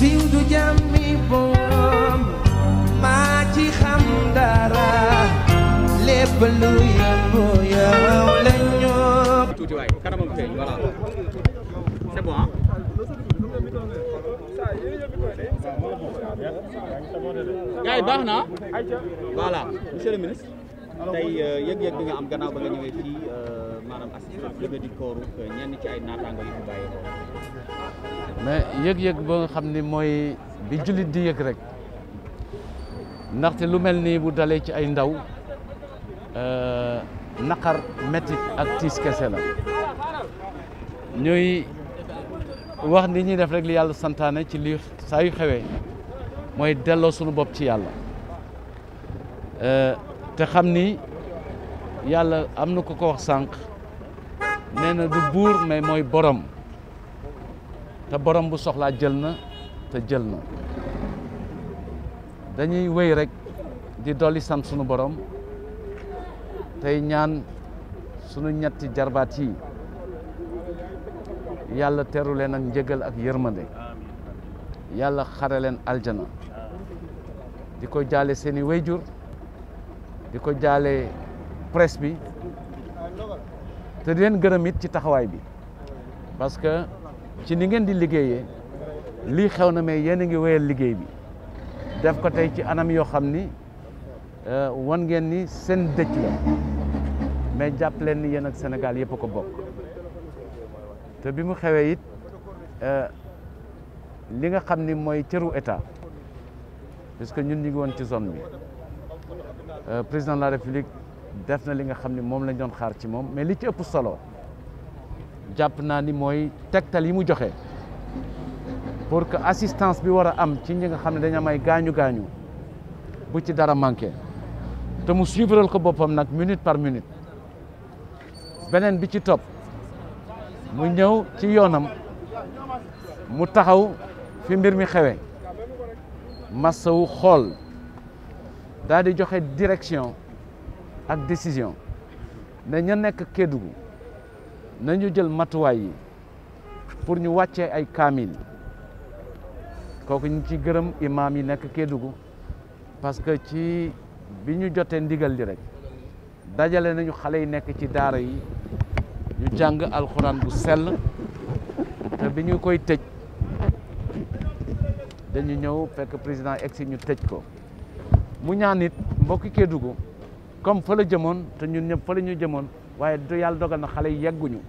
siiw du jàmmi boom maa ci xam dara lépp lu yëngu yow la ñoo tuuti waay kanamam tey voilà c'est bon gars yi baax na voilà monsieur euh, yëg-yëg bi nga am gannaaw ba nga ñëwee euh, maanaam euh, mais yëg-yëg ba nga xam ni mooy bi jullit di yëg rek ndaxte lu mel nii bu dalee ci ay ndaw euh, naqar métit ak tiis kese la ñuy wax ni ñuy def rek li yàlla santaane ci li saayu yu xewee mooy delloo sunu bopp ci yàlla euh, te xam ni yàlla am na ko ko wax sànq nee na du buur mais mooy borom te borom bu soxlaa jël na te jël na dañuy wéy rek di dolli sant sunu borom tey ñaan sunu ñetti jarbaat yi yàlla teru leen ak njëgal ak yërmande yàlla xare leen aljana di ko jaale seeni wéyjur di ko jaale presse bi te di leen gërëm it ci taxawaay bi parce que ci ni ngeen di liggéeyee lii xew na mais yéen a ngi wéyal liggéey bi def ko tey ci anam yoo xam ni euh, wan ngeen ni seen dëj la mais jàpp leen ni yéen ak Sénégal yëpp ko bokk te bi mu xewee it euh, li nga xam ni mooy cëru état parce que ñun ñu ngi woon ci zone bi euh, président de la république def na li nga xam ne moom lañ doon xaar ci moom mais li ci ëpp solo jàpp naa ni mooy tegtal yi mu joxe pour que assistance bi war a am ci ñi nga xam ne dañu am ay gaañu gaañu bu ci dara manqué te mu suivral ko boppam nag minute par minute beneen bi ci topp mu ñëw ci yoonam mu taxaw fi mbir mi xewe massawu xool daal di joxe direction ak décision ne ña nekk Kédougou nañu jël matuwaay yi pour ñu wàcce ay kaamil kooku ñu ci gërëm imaam yi nekk Kédougou parce que ci bi ñu jotee ndigal li rek dajale nañu xale yi nekk ci daara yi ñu jàng alxuraan bu sell te bi ñu koy tëj dañu ñëw fekk président egsi ñu tëj ko mu ñaanit it mbokki Kédougou comme fa la jëmoon te ñun ñëpp fa la ñu jëmoon waaye du yàlla dogal na xale yi yegguñu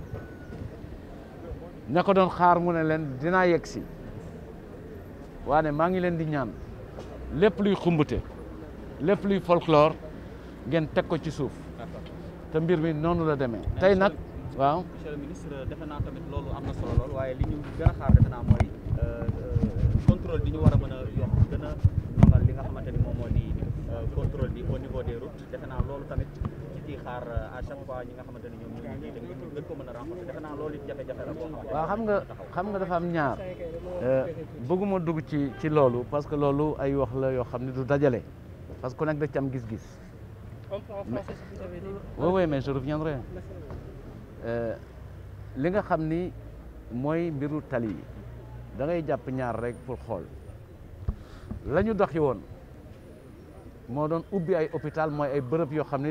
ña ko doon xaar mu ne leen dinaa yegg si waane maa ngi leen di ñaan lépp luy xumbute lépp luy folklore ngeen teg ko ci suuf te mbir mi noonu la demee tey nag waaw monsieur le ministre defe loolu am Euh, contrôle bi des routes naa loolu euh, ñi nga xamante ne ñoom ñoo xam nga xam nga dafa am ñaar euh, bëgguma dugg ci ci loolu parce que loolu ay wax la yoo xam ne du dajale parce que ku nekk da ci am gis-gis oui oui mais je reviendrai li nga xam ni mooy mbiru tali dangay jàpp ñaar rek pour xool lañu ñu doxi woon Modern, ubi ay hôpital moy ay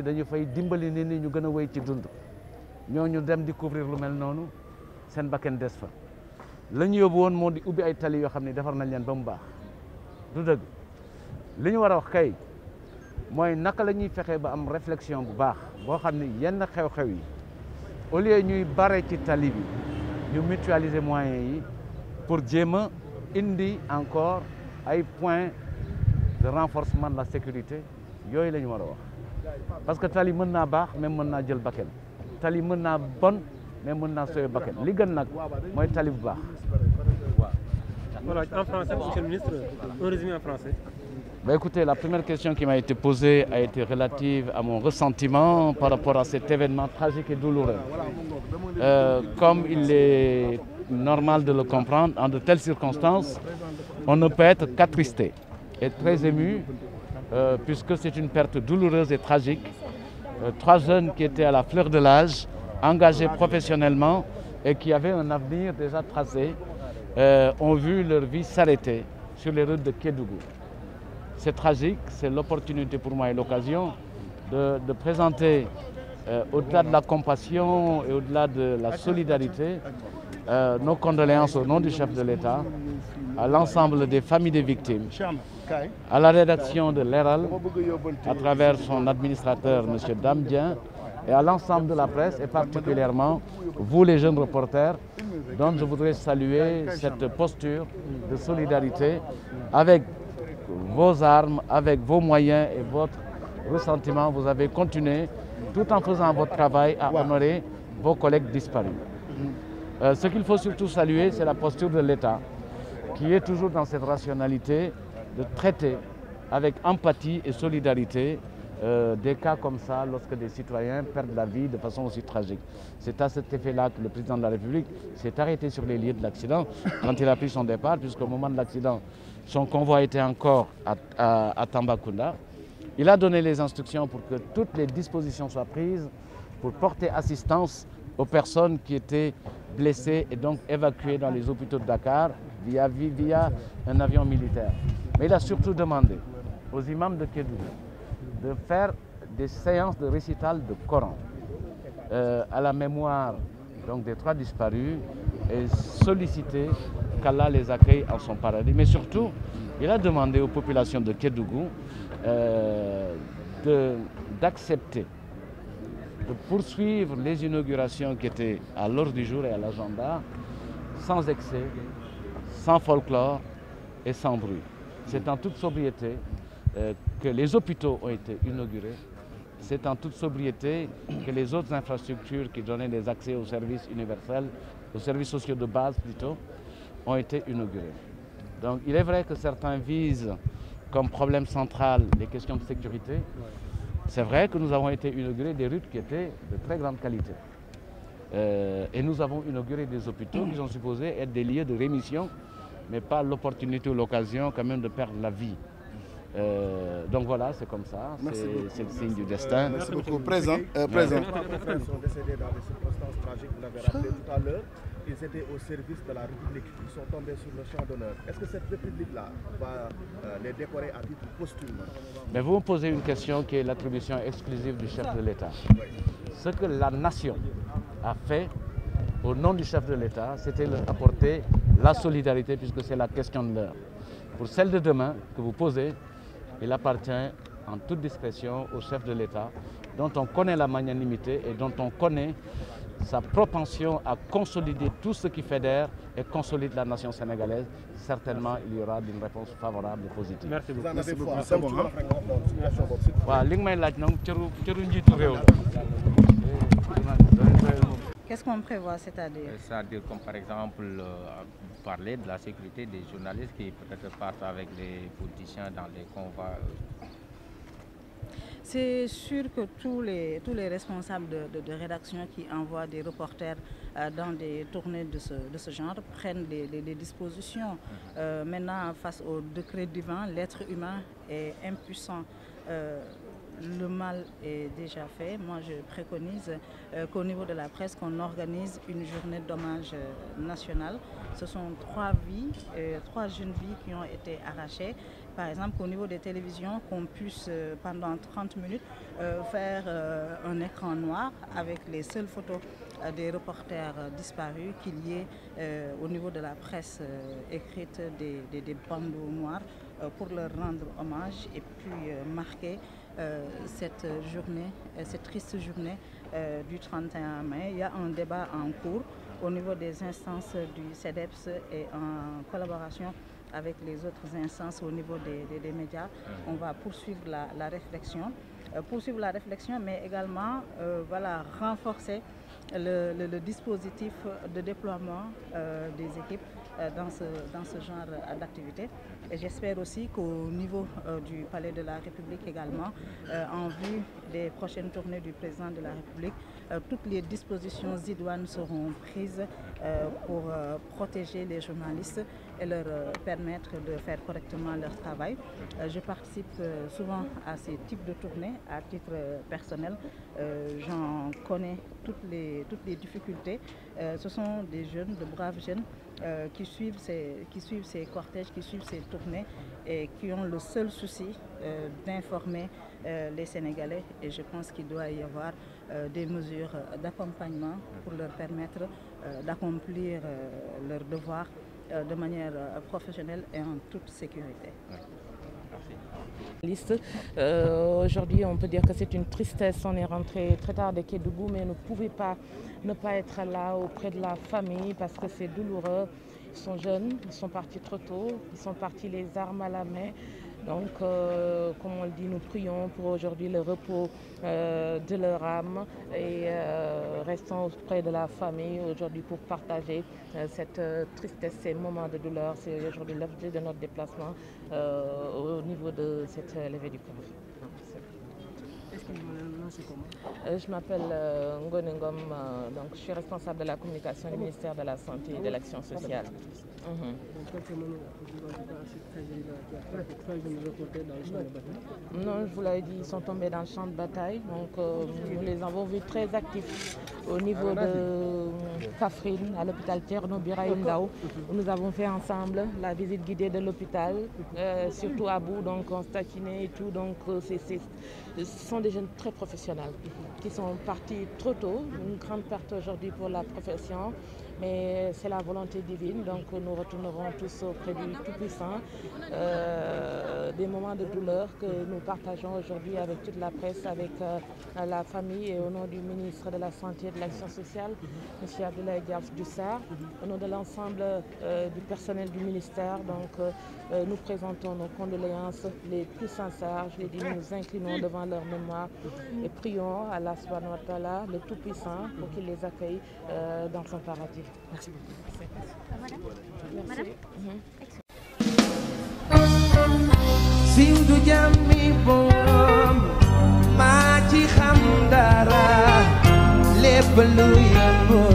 dañu fay dimbali nit ñu gëna a ci dund ñoñu dem di lu mel nonu sen bakken des fa la yob won ay tali yo défar leen ba baax du deug liñu wara wax kay réflexion bu baax bo yenn xew-xew au lieu tali bi ñu mutualiser moyens pour jéem indi encore ay points de renforcement de la sécurité c'est ce que parce que tali mën naa baax mais mën pas tali mën naa bon mais mën ne sooy pas li tali bu en français monsieur le ministre un résumé en français. Bah, écoutez, la première question qui m'a été posée a été relative à mon ressentiment par rapport à cet événement tragique et douloureux. Euh, comme il est normal de le comprendre, en de telles circonstances, on ne peut être qu'attristé est très ému euh, puisque c'est une perte douloureuse et tragique. Euh, trois jeunes qui étaient à la fleur de l'âge, engagés professionnellement et qui avaient un avenir déjà tracé, euh, ont vu leur vie s'arrêter sur les routes de Kédougou. C'est tragique, c'est l'opportunité pour moi et l'occasion de, présenter, au-delà de la compassion et au-delà de la solidarité, nos condoléances au nom du chef de l'État à l'ensemble des familles des victimes à la rédaction de l'ERAL, à travers son administrateur, M. Damdien, et à l'ensemble de la presse, et particulièrement vous les jeunes reporters, dont je voudrais saluer cette posture de solidarité avec vos armes, avec vos moyens et votre ressentiment. Vous avez continué, tout en faisant votre travail, à honorer vos collègues disparus. Euh, ce qu'il faut surtout saluer, c'est la posture de l'État, qui est toujours dans cette rationalité, de traiter avec empathie et solidarité euh, des cas comme ça lorsque des citoyens perdent la vie de façon aussi tragique. C'est à cet effet-là que le président de la République s'est arrêté sur les lieux de l'accident quand il a pris son départ, puisqu'au moment de l'accident, son convoi était encore à, à, Tambacounda. Il a donné les instructions pour que toutes les dispositions soient prises pour porter assistance aux personnes qui étaient blessées et donc évacuées dans les hôpitaux de Dakar via un avion militaire. Mais il a surtout demandé aux imams de Kédougou de faire des séances de récital de Coran euh, à la mémoire donc, des trois disparus et solliciter qu'Allah les accueille en son paradis. Mais surtout, il a demandé aux populations de Kédougou euh, d'accepter de, de poursuivre les inaugurations qui étaient à l'ordre du jour et à l'agenda sans excès, sans folklore et sans bruit. C'est en toute sobriété euh, que les hôpitaux ont été inaugurés. C'est en toute sobriété que les autres infrastructures qui donnaient des accès aux services universels, aux services sociaux de base plutôt, ont été inaugurées. Donc il est vrai que certains visent comme problème central les questions de sécurité. C'est vrai que nous avons été inaugurés des routes qui étaient de très grande qualité. Euh, et nous avons inauguré des hôpitaux qui sont supposés être des lieux de rémission mais pas l'opportunité ou l'occasion quand même de perdre la vie. Euh, donc voilà, c'est comme ça, c'est le signe du destin. Euh, merci beaucoup. Présent, euh, présent. Ils sont décédés dans des circonstances tragiques, vous l'avez rappelé tout à l'heure. Ils étaient au service de la République, ils sont tombés sur le champ d'honneur. Est-ce que cette République-là va euh, les décorer à titre posthume Mais vous me posez une question qui est l'attribution exclusive du chef de l'État. Ce que la nation a fait au nom du chef de l'État, c'était leur apporter la solidarité, puisque c'est la question de l'heure. Pour celle de demain que vous posez, il appartient en toute discrétion au chef de l'État, dont on connaît la magnanimité et dont on connaît sa propension à consolider tout ce qui fédère et consolide la nation sénégalaise, certainement il y aura une réponse favorable et positive. Merci beaucoup. Merci beaucoup. Qu'est-ce qu'on prévoit, c'est-à-dire C'est-à-dire comme par exemple, euh, parler de la sécurité des journalistes qui peut-être partent avec les politiciens dans les convois euh. c'est sûr que tous les, tous les responsables de, rédaction qui envoient des reporters euh, dans des tournées de ce, genre prennent des, dispositions. Mhm. Euh, maintenant, face au décret divin, l'être humain est impuissant. le mal est déjà fait. Moi, je préconise qu'au niveau de la presse, qu'on organise une journée d'hommage nationale ce sont trois vies, euh, trois jeunes vies qui ont été arrachées. Par exemple, au niveau des télévisions, qu'on puisse euh, pendant 30 minutes euh, faire un écran noir avec les seules photos des reporters disparus qu'il y ait au niveau de la presse écrite des, des bandeaux noirs pour leur rendre hommage et puis marquer cette journée, cette triste journée du 31 mai. Il y a un débat en cours au niveau des instances du CEDEPS et en collaboration avec les autres instances au niveau des, médias. On va poursuivre la, réflexion, euh, poursuivre la réflexion, mais également euh, renforcer le, dispositif de déploiement euh, des équipes euh, dans ce, dans ce genre euh, d'activité. Et j'espère aussi qu'au niveau euh, du Palais de la République également, en vue des prochaines tournées du président de la République, toutes les dispositions idoines seront prises pour protéger les journalistes et leur euh, permettre de faire correctement leur travail. Euh, je participe euh, souvent à ces types de tournées à titre personnel. J'en connais toutes les, toutes les difficultés. ce sont des jeunes, de braves jeunes qui, suivent ces, qui suivent ces cortèges, qui suivent ces tournées et qui ont le seul souci d'informer les Sénégalais. Et je pense qu'il doit y avoir des mesures d'accompagnement pour leur permettre d'accomplir leurs devoirs euh, de manière euh, professionnelle et en toute sécurité. Liste. Euh, aujourd'hui, on peut dire que c'est une tristesse. On est rentré très tard de Kédougou, mais ne pouvait pas ne pas être là auprès de la famille parce que c'est douloureux. Ils sont jeunes, ils sont partis trop tôt, ils sont partis les armes à la main. Donc, euh, comme on le dit, nous prions pour aujourd'hui le repos euh, de leur âme et euh, restons auprès de la famille aujourd'hui pour partager cette tristesse, ces moments de douleur. C'est aujourd'hui l'objet de notre déplacement au niveau de cette levée du corps. Je m'appelle Ngonengom, donc je suis responsable de la communication du ministère de la Santé et de l'Action sociale. Mhm. Non, je vous l'avais dit, ils sont tombés dans le champ de bataille. Donc, euh, nous les avons vus très actifs au niveau ah, de Kafrine, à l'hôpital Tierno Indao. Nous avons fait ensemble la visite guidée de l'hôpital, euh, surtout à bout, donc en statiné et tout. Donc, euh, ce sont des jeunes très professionnels qui sont partis trop tôt, une grande perte aujourd'hui pour la profession mais c'est la volonté divine, donc nous retournerons tous auprès du Tout-Puissant. Euh, des moments de douleur que nous partageons aujourd'hui avec toute la presse, avec euh, la famille et au nom du ministre de la Santé et de l'Action sociale, M. Abdullah Diaf Dussard, au nom de l'ensemble euh, du personnel du ministère, donc nous présentons nos condoléances les plus sincères, je l'ai dit, nous inclinons devant leur mémoire et prions à la Subhanahu le Tout-Puissant, pour qu'il les accueille dans son paradis. Merci beaucoup. Madame, Madame. Siw darah jàmmi